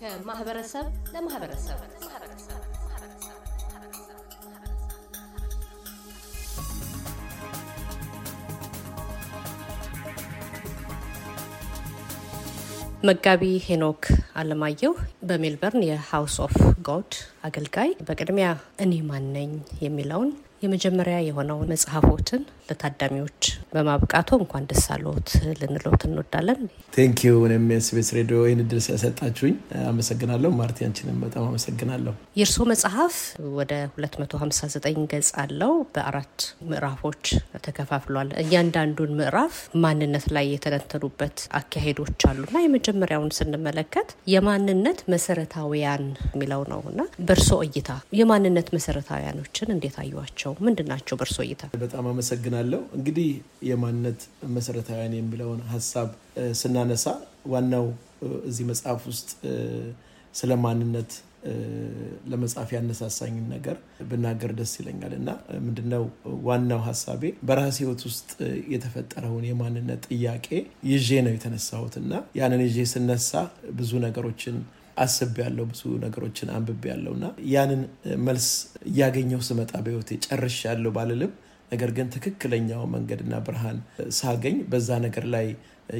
ከማህበረሰብ ለማህበረሰብ መጋቢ ሄኖክ አለማየሁ በሜልበርን የሃውስ ኦፍ ጎድ አገልጋይ፣ በቅድሚያ እኔ ማነኝ የሚለውን የመጀመሪያ የሆነውን መጽሐፎትን ለታዳሚዎች በማብቃቶ እንኳን ደስ አለዎት ልንለት እንወዳለን። ቴንኪዩ። እኔም ኤስቤስ ሬዲዮ ይህን እድል ስለሰጣችሁኝ አመሰግናለሁ። ማርቲ፣ አንቺንም በጣም አመሰግናለሁ። የእርስዎ መጽሐፍ ወደ 259 ገጽ አለው። በአራት ምዕራፎች ተከፋፍሏል። እያንዳንዱን ምዕራፍ ማንነት ላይ የተነተኑበት አካሄዶች አሉና የመጀመሪያውን ስንመለከት የማንነት መሰረታዊያን የሚለው ነው እና በእርሶ እይታ የማንነት መሰረታዊያኖችን እንዴት አዩዋቸው? ምንድን ናቸው በእርሶ እይታ? በጣም አመሰግናለሁ። እንግዲህ የማንነት መሰረታዊያን የሚለውን ሀሳብ ስናነሳ ዋናው እዚህ መጽሐፍ ውስጥ ስለ ማንነት ለመጻፍ ያነሳሳኝን ነገር ብናገር ደስ ይለኛል እና ምንድነው ዋናው ሀሳቤ በራሴ ህይወት ውስጥ የተፈጠረውን የማንነት ጥያቄ ይዤ ነው የተነሳሁት እና ያንን ይዤ ስነሳ ብዙ ነገሮችን አስብ ያለው ብዙ ነገሮችን አንብቤ ያለው እና ያንን መልስ እያገኘው ስመጣ በህይወቴ ጨርሽ ያለው ባልልም ነገር ግን ትክክለኛው መንገድና ብርሃን ሳገኝ በዛ ነገር ላይ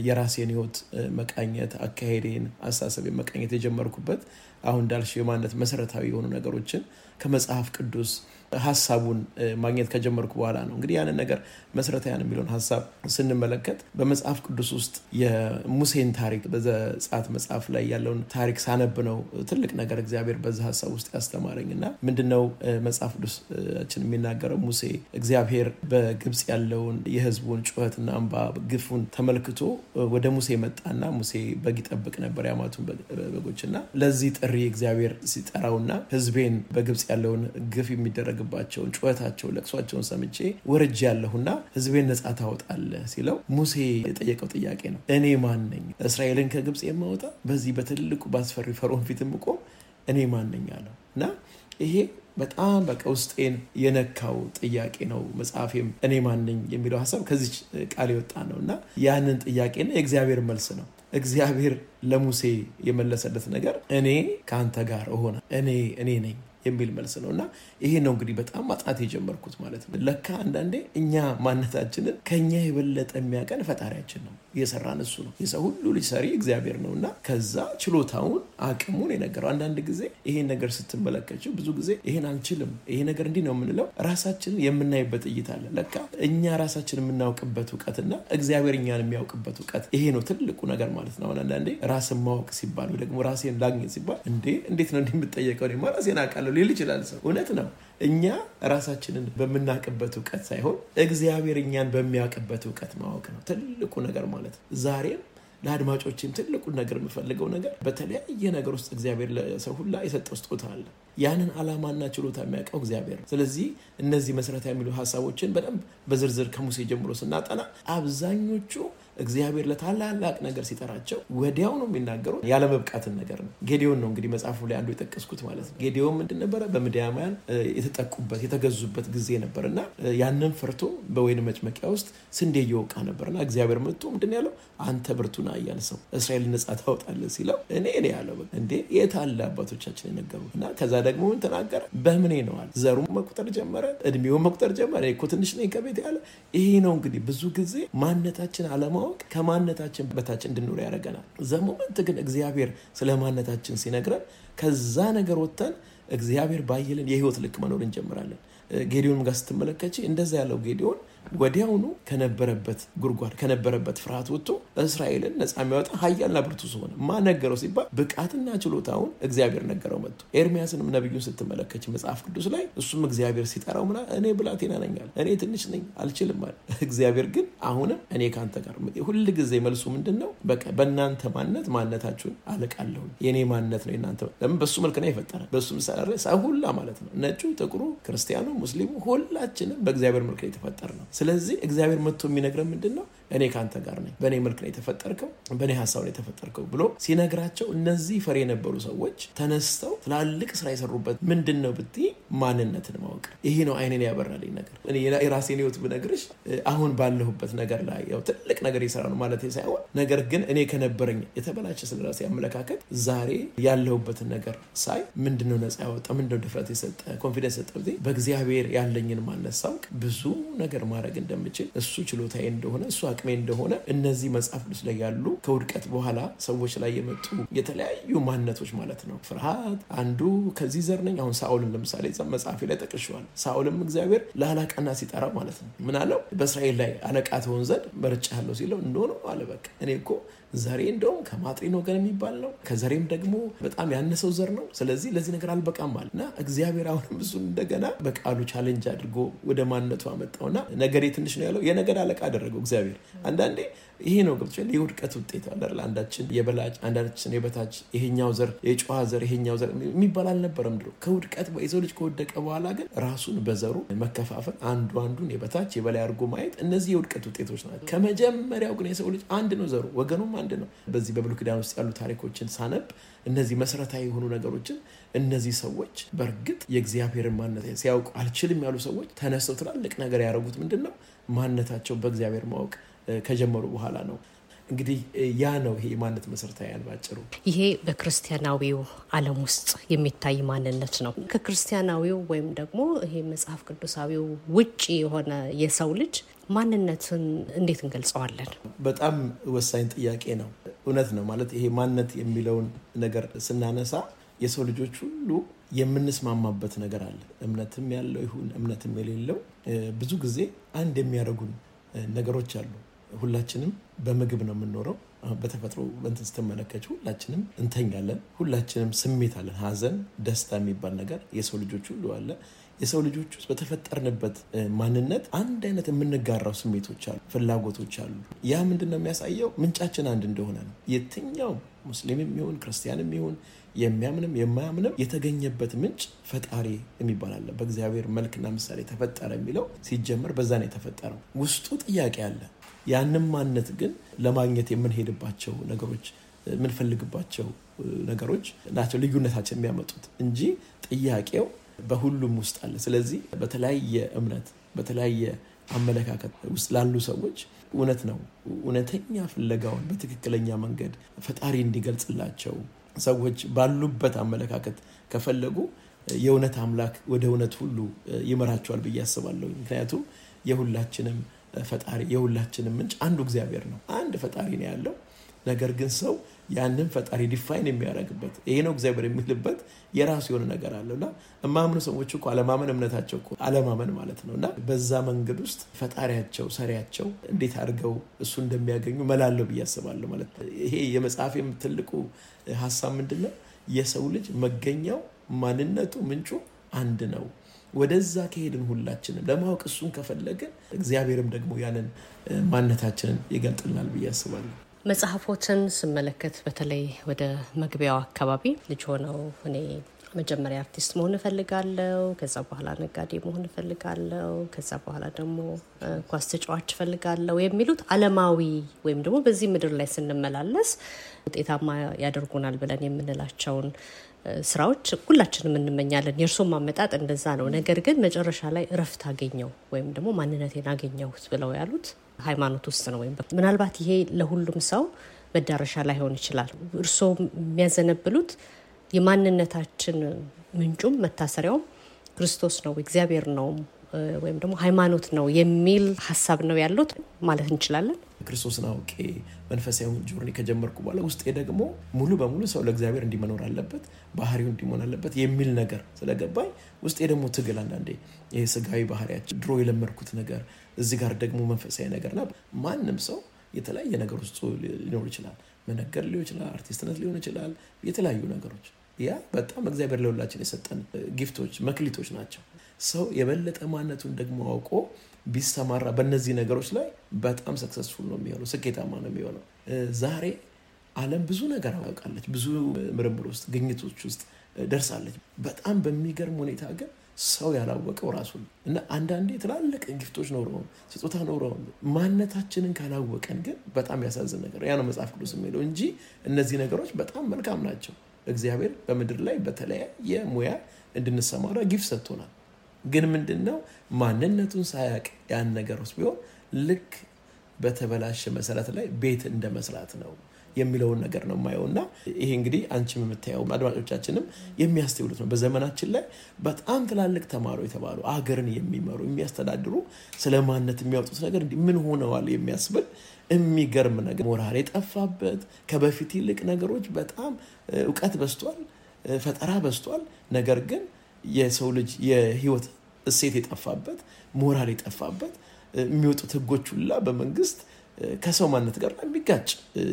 የራሴን ህይወት መቃኘት፣ አካሄዴን፣ አስተሳሰብ መቃኘት የጀመርኩበት አሁን እንዳልሽ የማንነት መሰረታዊ የሆኑ ነገሮችን ከመጽሐፍ ቅዱስ ሀሳቡን ማግኘት ከጀመርኩ በኋላ ነው። እንግዲህ ያንን ነገር መሰረታውያን የሚለውን ሀሳብ ስንመለከት በመጽሐፍ ቅዱስ ውስጥ የሙሴን ታሪክ በዘጸአት መጽሐፍ ላይ ያለውን ታሪክ ሳነብ ነው ትልቅ ነገር እግዚአብሔር በዛ ሀሳብ ውስጥ ያስተማረኝ እና ምንድነው መጽሐፍ ቅዱሳችን የሚናገረው? ሙሴ እግዚአብሔር በግብፅ ያለውን የህዝቡን ጩኸትና እንባ ግፉን ተመልክቶ ወደ ሙሴ መጣና ሙሴ በግ ይጠብቅ ነበር የአማቱን በጎችና ለዚህ ጥሪ እግዚአብሔር ሲጠራውና ህዝቤን በግብፅ ያለውን ግፍ የሚደረግ የሚያደርግባቸውን ጩኸታቸውን፣ ለቅሷቸውን ሰምቼ ወርጅ ያለሁና ህዝቤን ነጻ ታወጣለህ ሲለው ሙሴ የጠየቀው ጥያቄ ነው። እኔ ማን ነኝ እስራኤልን ከግብፅ የማወጣ በዚህ በትልቁ በአስፈሪ ፈርዖን ፊት የምቆም እኔ ማን ነኝ አለው እና ይሄ በጣም በቃ ውስጤን የነካው ጥያቄ ነው። መጽሐፌም እኔ ማን ነኝ የሚለው ሀሳብ ከዚች ቃል የወጣ ነው እና ያንን ጥያቄና የእግዚአብሔር መልስ ነው። እግዚአብሔር ለሙሴ የመለሰለት ነገር እኔ ከአንተ ጋር እሆና እኔ እኔ ነኝ የሚል መልስ ነው እና ይሄ ነው እንግዲህ በጣም ማጥናት የጀመርኩት ማለት ነው። ለካ አንዳንዴ እኛ ማነታችንን ከኛ የበለጠ የሚያቀን ፈጣሪያችን ነው። የሰራን እሱ ነው። የሰው ሁሉ ልጅ ሰሪ እግዚአብሔር ነው እና ከዛ ችሎታውን አቅሙን የነገረው። አንዳንድ ጊዜ ይሄን ነገር ስትመለከችው ብዙ ጊዜ ይሄን አንችልም፣ ይሄ ነገር እንዲህ ነው የምንለው ራሳችንን የምናይበት እይታ አለ። ለካ እኛ ራሳችን የምናውቅበት እውቀትና እግዚአብሔር እኛን የሚያውቅበት እውቀት ይሄ ነው ትልቁ ነገር ማለት ነው። አንዳንዴ ራስን ማወቅ ሲባል ወይ ደግሞ ራሴን ላግኘት ሲባል እንዴ እንዴት ነው እንዲህ የምጠየቀው? እኔማ ራሴን አውቃለሁ ሊል ይችላል ሰው። እውነት ነው። እኛ ራሳችንን በምናውቅበት እውቀት ሳይሆን እግዚአብሔር እኛን በሚያውቅበት እውቀት ማወቅ ነው ትልቁ ነገር ማለት ማለት ዛሬም ለአድማጮችም ትልቁን ነገር የምፈልገው ነገር በተለያየ ነገር ውስጥ እግዚአብሔር ለሰው ሁላ የሰጠው ስጦታ አለ። ያንን አላማና ችሎታ የሚያውቀው እግዚአብሔር ነው። ስለዚህ እነዚህ መሰረታዊ የሚሉ ሀሳቦችን በደንብ በዝርዝር ከሙሴ ጀምሮ ስናጠና አብዛኞቹ እግዚአብሔር ለታላላቅ ነገር ሲጠራቸው ወዲያው ነው የሚናገሩ ያለመብቃትን ነገር ነው። ጌዲዮን ነው እንግዲህ መጽሐፉ ላይ አንዱ የጠቀስኩት ማለት ነው። ጌዲዮን ምንድን ነበረ? በምድያማያን የተጠቁበት የተገዙበት ጊዜ ነበር እና ያንን ፍርቶ በወይን መጭመቂያ ውስጥ ስንዴ እየወቃ ነበር እና እግዚአብሔር መጥቶ ምንድን ያለው አንተ ብርቱና አያል ሰው እስራኤል ነጻ ታወጣለህ ሲለው እኔ ነው ያለው። እንዴ የት አለ አባቶቻችን የነገሩ እና ከዛ ደግሞ ምን ተናገረ? በምኔ ነዋል። ዘሩ መቁጠር ጀመረ፣ እድሜውን መቁጠር ጀመረ። እኮ ትንሽ ነኝ ከቤት ያለ ይሄ ነው እንግዲህ ብዙ ጊዜ ማንነታችን አለማ ማወቅ ከማንነታችን በታች እንድንኖር ያደርገናል። ዘሞመንት ግን እግዚአብሔር ስለ ማነታችን ሲነግረን ከዛ ነገር ወጥተን እግዚአብሔር ባየልን የህይወት ልክ መኖር እንጀምራለን። ጌዲዮንም ጋር ስትመለከች እንደዛ ያለው ጌዲዮን ወዲያውኑ ከነበረበት ጉድጓድ ከነበረበት ፍርሃት ወጥቶ እስራኤልን ነፃ የሚያወጣ ሀያልና ብርቱ ሆነ። ማን ነገረው ሲባል ብቃትና ችሎታውን እግዚአብሔር ነገረው መጥቶ። ኤርሚያስንም ነቢዩን ስትመለከች መጽሐፍ ቅዱስ ላይ እሱም እግዚአብሔር ሲጠራው ምና እኔ ብላቴና ነኛል፣ እኔ ትንሽ ነኝ፣ አልችልም አለ። እግዚአብሔር ግን አሁንም እኔ ከአንተ ጋር ሁል ጊዜ መልሱ ምንድን ነው? በቃ በእናንተ ማነት ማነታችሁን አለቃለሁ። የእኔ ማነት ነው የእናንተ ለምን በሱ መልክ ነው የፈጠረ በሱ ምሳሌ ሁላ ማለት ነው። ነጩ፣ ጥቁሩ፣ ክርስቲያኑ፣ ሙስሊሙ ሁላችንም በእግዚአብሔር መልክ የተፈጠር ነው። ስለዚህ እግዚአብሔር መጥቶ የሚነግረን ምንድን ነው እኔ ከአንተ ጋር ነኝ፣ በእኔ መልክ ነው የተፈጠርከው፣ በእኔ ሀሳብ ነው የተፈጠርከው ብሎ ሲነግራቸው እነዚህ ፈሪ የነበሩ ሰዎች ተነስተው ትላልቅ ስራ የሰሩበት ምንድን ነው ብት ማንነትን ማወቅ። ይሄ ነው አይንን ያበራልኝ ነገር። የራሴን ህይወት ብነግርሽ አሁን ባለሁበት ነገር ላይ ያው ትልቅ ነገር የሰራ ነው ማለት ሳይሆን፣ ነገር ግን እኔ ከነበረኝ የተበላሸ ስለራሴ አመለካከት ዛሬ ያለሁበትን ነገር ሳይ ምንድነው ነፃ ያወጣ ምንድነው ድፍረት የሰጠ ኮንፊደንስ ሰጠ በእግዚአብሔር ያለኝን ማነሳውቅ ብዙ ነገር ማድረግ እንደምችል እሱ ችሎታዬ እንደሆነ እሱ አቅሜ እንደሆነ እነዚህ መጽሐፍ ቅዱስ ላይ ያሉ ከውድቀት በኋላ ሰዎች ላይ የመጡ የተለያዩ ማንነቶች ማለት ነው። ፍርሃት አንዱ ከዚህ ዘር ነኝ። አሁን ሳኦልን ለምሳሌ መጽሐፌ ላይ ጠቅሸዋል። ሳኦልም እግዚአብሔር ለአለቃና ሲጠራ ማለት ነው ምናለው በእስራኤል ላይ አለቃ ትሆን ዘንድ መርጫለሁ ሲለው እንደሆነ አለ። እኔ እኮ ዘሬ እንደውም ከማጥሪን ወገን የሚባል ነው። ከዘሬም ደግሞ በጣም ያነሰው ዘር ነው። ስለዚህ ለዚህ ነገር አልበቃም አለ እና እግዚአብሔር አሁንም እሱን እንደገና በቃሉ ቻለንጅ አድርጎ ወደ ማንነቱ አመጣውና ነገሬ ትንሽ ነው ያለው የነገድ አለቃ አደረገው እግዚአብሔር። አንዳንዴ ይሄ ነው ገብቶ የውድቀት ውጤት አለ። አንዳችን የበላጭ አንዳችን የበታች ይሄኛው ዘር የጨዋ ዘር ይሄኛው ዘር የሚባል አልነበረም ድሮ። ከውድቀት የሰው ልጅ ከወደቀ በኋላ ግን ራሱን በዘሩ መከፋፈል፣ አንዱ አንዱን የበታች የበላይ አድርጎ ማየት፣ እነዚህ የውድቀት ውጤቶች ናቸው። ከመጀመሪያው ግን የሰው ልጅ አንድ ነው ዘሩ ወገኑም አንድ ነው። በዚህ በብሉይ ኪዳን ውስጥ ያሉ ታሪኮችን ሳነብ እነዚህ መሰረታዊ የሆኑ ነገሮችን እነዚህ ሰዎች በእርግጥ የእግዚአብሔርን ማንነት ሲያውቁ አልችልም ያሉ ሰዎች ተነስተው ትላልቅ ነገር ያደረጉት ምንድን ነው? ማንነታቸው በእግዚአብሔር ማወቅ ከጀመሩ በኋላ ነው። እንግዲህ ያ ነው ይሄ የማንነት መሰረታዊ ባጭሩ ይሄ በክርስቲያናዊው ዓለም ውስጥ የሚታይ ማንነት ነው። ከክርስቲያናዊው ወይም ደግሞ ይሄ መጽሐፍ ቅዱሳዊው ውጭ የሆነ የሰው ልጅ ማንነትን እንዴት እንገልጸዋለን? በጣም ወሳኝ ጥያቄ ነው። እውነት ነው ማለት ይሄ ማንነት የሚለውን ነገር ስናነሳ የሰው ልጆች ሁሉ የምንስማማበት ነገር አለ። እምነትም ያለው ይሁን እምነትም የሌለው ብዙ ጊዜ አንድ የሚያደርጉን ነገሮች አሉ። ሁላችንም በምግብ ነው የምንኖረው። በተፈጥሮ እንትን ስትመለከች ሁላችንም እንተኛለን። ሁላችንም ስሜት አለን። ሀዘን ደስታ የሚባል ነገር የሰው ልጆች ሁሉ አለ። የሰው ልጆች ውስጥ በተፈጠርንበት ማንነት አንድ አይነት የምንጋራው ስሜቶች አሉ፣ ፍላጎቶች አሉ። ያ ምንድን ነው የሚያሳየው? ምንጫችን አንድ እንደሆነ ነው። የትኛውም ሙስሊምም ይሁን ክርስቲያንም ይሁን የሚያምንም የማያምንም የተገኘበት ምንጭ ፈጣሪ የሚባል አለ። በእግዚአብሔር መልክና ምሳሌ ተፈጠረ የሚለው ሲጀመር በዛ ነው የተፈጠረው። ውስጡ ጥያቄ አለ። ያንም ማንነት ግን ለማግኘት የምንሄድባቸው ነገሮች የምንፈልግባቸው ነገሮች ናቸው ልዩነታችን የሚያመጡት እንጂ ጥያቄው በሁሉም ውስጥ አለ። ስለዚህ በተለያየ እምነት በተለያየ አመለካከት ውስጥ ላሉ ሰዎች እውነት ነው። እውነተኛ ፍለጋውን በትክክለኛ መንገድ ፈጣሪ እንዲገልጽላቸው ሰዎች ባሉበት አመለካከት ከፈለጉ የእውነት አምላክ ወደ እውነት ሁሉ ይመራቸዋል ብዬ አስባለሁ። ምክንያቱም የሁላችንም ፈጣሪ የሁላችንም ምንጭ አንዱ እግዚአብሔር ነው። አንድ ፈጣሪ ነው ያለው። ነገር ግን ሰው ያንን ፈጣሪ ዲፋይን የሚያደርግበት ይሄ ነው እግዚአብሔር የሚልበት የራሱ የሆነ ነገር አለው እና እማምኑ ሰዎች እኮ አለማመን እምነታቸው እኮ አለማመን ማለት ነው እና በዛ መንገድ ውስጥ ፈጣሪያቸው ሰሪያቸው እንዴት አድርገው እሱ እንደሚያገኙ መላለው ብዬ አስባለሁ ማለት ነው። ይሄ የመጽሐፍ ትልቁ ሀሳብ ምንድን ነው? የሰው ልጅ መገኛው ማንነቱ ምንጩ አንድ ነው። ወደዛ ከሄድን ሁላችንም ለማወቅ እሱን ከፈለግን እግዚአብሔርም ደግሞ ያንን ማንነታችንን ይገልጥልናል ብዬ አስባለሁ። መጽሐፎችን ስመለከት በተለይ ወደ መግቢያው አካባቢ ልጅ ሆነው እኔ መጀመሪያ አርቲስት መሆን እፈልጋለው፣ ከዛ በኋላ ነጋዴ መሆን እፈልጋለው፣ ከዛ በኋላ ደግሞ ኳስ ተጫዋች እፈልጋለው የሚሉት አለማዊ ወይም ደግሞ በዚህ ምድር ላይ ስንመላለስ ውጤታማ ያደርጉናል ብለን የምንላቸውን ስራዎች ሁላችንም እንመኛለን። የእርሶ ማመጣጥ እንደዛ ነው። ነገር ግን መጨረሻ ላይ እረፍት አገኘው ወይም ደግሞ ማንነቴን አገኘሁት ብለው ያሉት ሃይማኖት ውስጥ ነው ወይም ምናልባት ይሄ ለሁሉም ሰው መዳረሻ ላይሆን ይችላል። እርስዎ የሚያዘነብሉት የማንነታችን ምንጩም መታሰሪያውም ክርስቶስ ነው፣ እግዚአብሔር ነው ወይም ደግሞ ሃይማኖት ነው የሚል ሀሳብ ነው ያሉት ማለት እንችላለን። ክርስቶስን አውቄ መንፈሳዊ ጆርኒ ከጀመርኩ በኋላ ውስጤ ደግሞ ሙሉ በሙሉ ሰው ለእግዚአብሔር እንዲመኖር አለበት፣ ባህሪው እንዲሆን አለበት የሚል ነገር ስለገባኝ ውስጤ ደግሞ ትግል አንዳንዴ ይህ ስጋዊ ባህሪያችን ድሮ የለመድኩት ነገር እዚህ ጋር ደግሞ መንፈሳዊ ነገርና ማንም ሰው የተለያየ ነገር ውስጡ ሊኖር ይችላል። መነገር ሊሆን ይችላል፣ አርቲስትነት ሊሆን ይችላል፣ የተለያዩ ነገሮች። ያ በጣም እግዚአብሔር ለሁላችን የሰጠን ጊፍቶች መክሊቶች ናቸው። ሰው የበለጠ ማነቱን ደግሞ አውቆ ቢሰማራ በእነዚህ ነገሮች ላይ በጣም ሰክሰስፉል ነው የሚሆነው፣ ስኬታማ ነው የሚሆነው። ዛሬ ዓለም ብዙ ነገር አውቃለች፣ ብዙ ምርምር ውስጥ ግኝቶች ውስጥ ደርሳለች። በጣም በሚገርም ሁኔታ ግን ሰው ያላወቀው ራሱን እና አንዳንዴ ትላልቅ ግፍቶች ኖረውን ስጦታ ኖረውን ማንነታችንን ካላወቀን ግን በጣም ያሳዝን ነገር ያ ነው መጽሐፍ ቅዱስ የሚለው እንጂ እነዚህ ነገሮች በጣም መልካም ናቸው። እግዚአብሔር በምድር ላይ በተለያየ ሙያ እንድንሰማራ ጊፍት ሰጥቶናል። ግን ምንድን ነው ማንነቱን ሳያቅ ያን ነገር ውስጥ ቢሆን ልክ በተበላሸ መሰረት ላይ ቤት እንደ መስራት ነው የሚለውን ነገር ነው የማየው እና ይሄ እንግዲህ አንቺ የምታየው አድማጮቻችንም የሚያስተውሉት ነው። በዘመናችን ላይ በጣም ትላልቅ ተማሩ የተባሉ አገርን የሚመሩ የሚያስተዳድሩ ስለ ማነት የሚያወጡት ነገር እንዲህ ምን ሆነዋል የሚያስብል የሚገርም ነገር ሞራል የጠፋበት ከበፊት ይልቅ ነገሮች በጣም እውቀት በስቷል፣ ፈጠራ በስቷል። ነገር ግን የሰው ልጅ የህይወት እሴት የጠፋበት ሞራል የጠፋበት የሚወጡት ህጎች ሁላ በመንግስት ከሰው ማንነት ጋር የሚጋጭ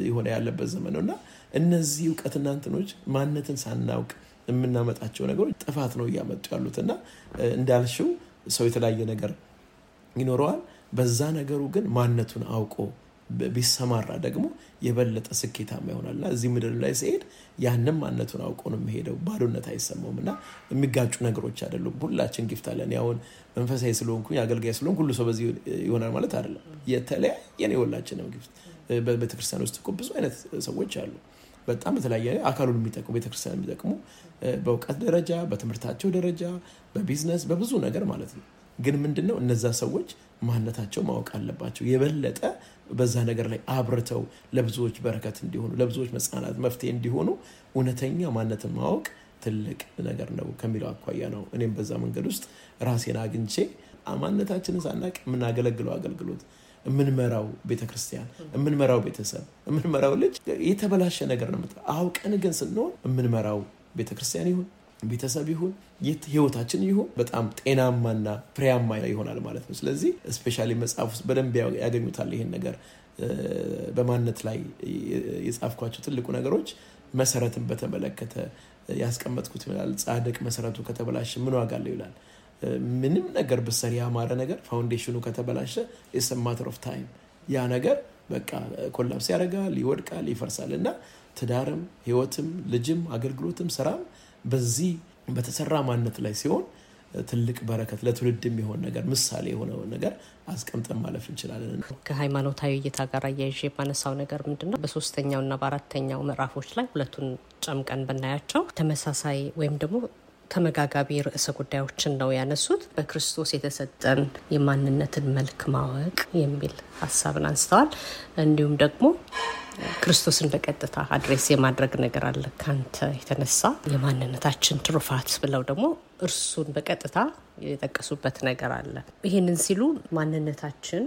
የሆነ ያለበት ዘመን ነው እና እነዚህ እውቀትና እንትኖች ማነትን ሳናውቅ የምናመጣቸው ነገሮች ጥፋት ነው እያመጡ ያሉት እና እንዳልሽው ሰው የተለያየ ነገር ይኖረዋል። በዛ ነገሩ ግን ማንነቱን አውቆ ቢሰማራ ደግሞ የበለጠ ስኬታማ ይሆናልና እዚህ ምድር ላይ ሲሄድ ያንም ማነቱን አውቆ ነው የሚሄደው። ባዶነት አይሰማውም እና የሚጋጩ ነገሮች አይደሉም። ሁላችን ጊፍት አለን። ያሁን መንፈሳዊ ስለሆንኩኝ አገልጋይ ስለሆን ሁሉ ሰው በዚህ ይሆናል ማለት አይደለም። የተለያየ ነው የሁላችንም ጊፍት። በቤተክርስቲያን ውስጥ እኮ ብዙ አይነት ሰዎች አሉ። በጣም በተለያየ አካሉን የሚጠቅሙ ቤተክርስቲያን የሚጠቅሙ በእውቀት ደረጃ፣ በትምህርታቸው ደረጃ፣ በቢዝነስ በብዙ ነገር ማለት ነው። ግን ምንድን ነው እነዛ ሰዎች ማንነታቸው ማወቅ አለባቸው። የበለጠ በዛ ነገር ላይ አብርተው ለብዙዎች በረከት እንዲሆኑ፣ ለብዙዎች መጽናናት መፍትሄ እንዲሆኑ እውነተኛ ማንነትን ማወቅ ትልቅ ነገር ነው ከሚለው አኳያ ነው። እኔም በዛ መንገድ ውስጥ ራሴን አግኝቼ ማንነታችንን ሳናቅ የምናገለግለው አገልግሎት የምንመራው ቤተክርስቲያን፣ የምንመራው ቤተሰብ፣ የምንመራው ልጅ የተበላሸ ነገር ነው። አውቀን ግን ስንሆን የምንመራው ቤተክርስቲያን ይሁን ቤተሰብ ይሁን ህይወታችን ይሁን በጣም ጤናማና ፍሬያማ ይሆናል ማለት ነው። ስለዚህ ስፔሻሊ መጽሐፍ ውስጥ በደንብ ያገኙታል ይህን ነገር በማንነት ላይ የጻፍኳቸው ትልቁ ነገሮች መሰረትን በተመለከተ ያስቀመጥኩት ይላል። ጻድቅ መሰረቱ ከተበላሸ ምን ዋጋ አለው ይላል። ምንም ነገር ብሰር ያማረ ነገር ፋውንዴሽኑ ከተበላሸ የሰማተር ኦፍ ታይም ያ ነገር በቃ ኮላፕስ ያደርጋል፣ ይወድቃል፣ ይፈርሳል እና ትዳርም ህይወትም ልጅም አገልግሎትም ስራም በዚህ በተሰራ ማንነት ላይ ሲሆን ትልቅ በረከት ለትውልድ የሚሆን ነገር ምሳሌ የሆነው ነገር አስቀምጠን ማለፍ እንችላለን። ከሃይማኖታዊ እይታ ጋር አያይዤ የማነሳው ነገር ምንድን ነው? ና በአራተኛው ምዕራፎች ላይ ሁለቱን ጨምቀን ብናያቸው ተመሳሳይ ወይም ደግሞ ተመጋጋቢ ርዕሰ ጉዳዮችን ነው ያነሱት። በክርስቶስ የተሰጠን የማንነትን መልክ ማወቅ የሚል ሀሳብን አንስተዋል። እንዲሁም ደግሞ ክርስቶስን በቀጥታ አድሬስ የማድረግ ነገር አለ። ካንተ የተነሳ የማንነታችን ትሩፋት ብለው ደግሞ እርሱን በቀጥታ የጠቀሱበት ነገር አለ። ይህንን ሲሉ ማንነታችን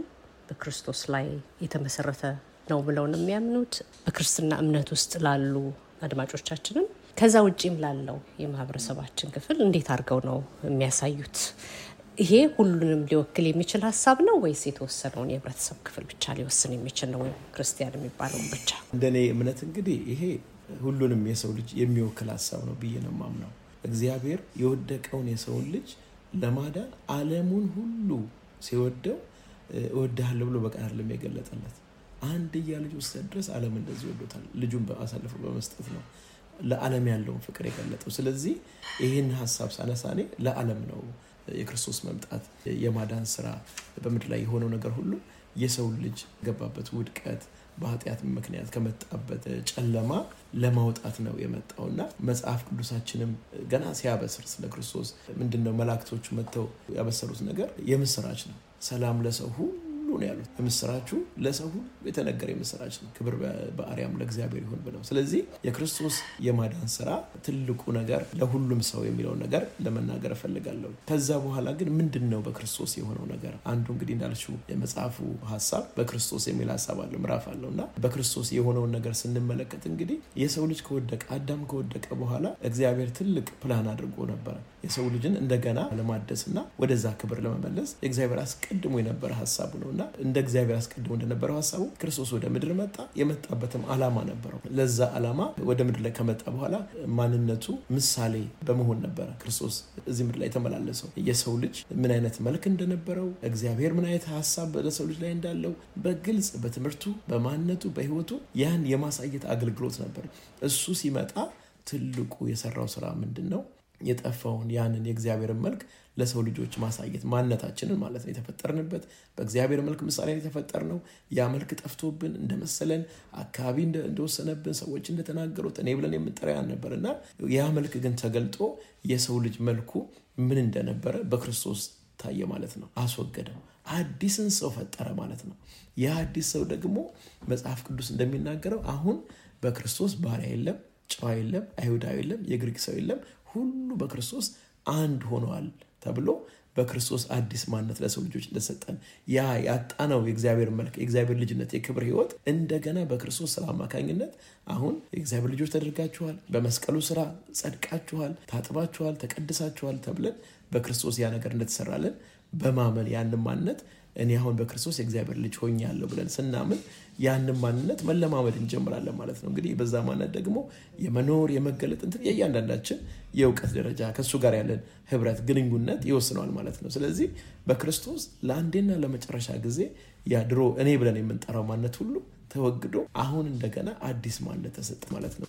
በክርስቶስ ላይ የተመሰረተ ነው ብለው ነው የሚያምኑት። በክርስትና እምነት ውስጥ ላሉ አድማጮቻችንም ከዛ ውጪም ላለው የማህበረሰባችን ክፍል እንዴት አድርገው ነው የሚያሳዩት? ይሄ ሁሉንም ሊወክል የሚችል ሀሳብ ነው ወይስ የተወሰነውን የህብረተሰብ ክፍል ብቻ ሊወስን የሚችል ነው? ወይም ክርስቲያን የሚባለውን ብቻ? እንደኔ እምነት እንግዲህ ይሄ ሁሉንም የሰው ልጅ የሚወክል ሀሳብ ነው ብዬ ነው የማምነው። እግዚአብሔር የወደቀውን የሰውን ልጅ ለማዳን ዓለሙን ሁሉ ሲወደው እወድሃለሁ ብሎ በቃል አይደለም የገለጠለት አንድያ ልጁ እስከ ድረስ ዓለም እንደዚህ ወዶታል። ልጁን አሳልፎ በመስጠት ነው ለዓለም ያለውን ፍቅር የገለጠው። ስለዚህ ይህን ሀሳብ ሳነሳኔ ለዓለም ነው የክርስቶስ መምጣት የማዳን ስራ በምድር ላይ የሆነው ነገር ሁሉ የሰው ልጅ ገባበት ውድቀት በኃጢአት ምክንያት ከመጣበት ጨለማ ለማውጣት ነው የመጣው እና መጽሐፍ ቅዱሳችንም ገና ሲያበስር ስለ ክርስቶስ ምንድነው መላእክቶቹ መጥተው ያበሰሩት ነገር የምስራች ነው። ሰላም ለሰው ነው ያሉት። የምስራቹ ለሰው ሁሉ የተነገረ የምስራች ነው። ክብር በአርያም ለእግዚአብሔር ይሁን ብለው ስለዚህ የክርስቶስ የማዳን ስራ ትልቁ ነገር ለሁሉም ሰው የሚለውን ነገር ለመናገር እፈልጋለሁ። ከዛ በኋላ ግን ምንድን ነው በክርስቶስ የሆነው ነገር? አንዱ እንግዲህ እንዳልችው የመጽሐፉ ሀሳብ በክርስቶስ የሚል ሀሳብ አለው ምዕራፍ አለው እና በክርስቶስ የሆነውን ነገር ስንመለከት እንግዲህ የሰው ልጅ ከወደቀ አዳም ከወደቀ በኋላ እግዚአብሔር ትልቅ ፕላን አድርጎ ነበረ የሰው ልጅን እንደገና ለማደስና ወደዛ ክብር ለመመለስ የእግዚአብሔር አስቀድሞ የነበረ ሀሳቡ ነው እና እንደ እግዚአብሔር አስቀድሞ እንደነበረው ሀሳቡ ክርስቶስ ወደ ምድር መጣ። የመጣበትም አላማ ነበረው። ለዛ አላማ ወደ ምድር ላይ ከመጣ በኋላ ማንነቱ ምሳሌ በመሆን ነበረ ክርስቶስ እዚህ ምድር ላይ የተመላለሰው። የሰው ልጅ ምን አይነት መልክ እንደነበረው፣ እግዚአብሔር ምን አይነት ሀሳብ ለሰው ልጅ ላይ እንዳለው በግልጽ በትምህርቱ፣ በማንነቱ፣ በህይወቱ ያን የማሳየት አገልግሎት ነበር። እሱ ሲመጣ ትልቁ የሰራው ስራ ምንድን ነው? የጠፋውን ያንን የእግዚአብሔርን መልክ ለሰው ልጆች ማሳየት ማነታችንን ማለት ነው። የተፈጠርንበት በእግዚአብሔር መልክ ምሳሌ የተፈጠርነው ያ መልክ ጠፍቶብን እንደመሰለን አካባቢ እንደወሰነብን ሰዎች እንደተናገሩት እኔ ብለን የምንጠራ ያን ነበር እና ያ መልክ ግን ተገልጦ የሰው ልጅ መልኩ ምን እንደነበረ በክርስቶስ ታየ ማለት ነው። አስወገደው፣ አዲስን ሰው ፈጠረ ማለት ነው። ያ አዲስ ሰው ደግሞ መጽሐፍ ቅዱስ እንደሚናገረው አሁን በክርስቶስ ባሪያ የለም ጨዋ የለም፣ አይሁዳዊ የለም፣ የግሪክ ሰው የለም፣ ሁሉ በክርስቶስ አንድ ሆነዋል ተብሎ በክርስቶስ አዲስ ማንነት ለሰው ልጆች እንደሰጠን ያ ያጣነው የእግዚአብሔር መልክ የእግዚአብሔር ልጅነት የክብር ህይወት እንደገና በክርስቶስ ስራ አማካኝነት አሁን የእግዚአብሔር ልጆች ተደርጋችኋል፣ በመስቀሉ ስራ ጸድቃችኋል፣ ታጥባችኋል፣ ተቀድሳችኋል ተብለን በክርስቶስ ያ ነገር እንደተሰራለን በማመን ያንን ማንነት እኔ አሁን በክርስቶስ የእግዚአብሔር ልጅ ሆኛለሁ ብለን ስናምን ያንን ማንነት መለማመድ እንጀምራለን ማለት ነው። እንግዲህ በዛ ማንነት ደግሞ የመኖር የመገለጥ እንትን የእያንዳንዳችን የእውቀት ደረጃ ከእሱ ጋር ያለን ህብረት፣ ግንኙነት ይወስነዋል ማለት ነው። ስለዚህ በክርስቶስ ለአንዴና ለመጨረሻ ጊዜ ያድሮ እኔ ብለን የምንጠራው ማንነት ሁሉ ተወግዶ አሁን እንደገና አዲስ ማንነት ተሰጥ ማለት ነው።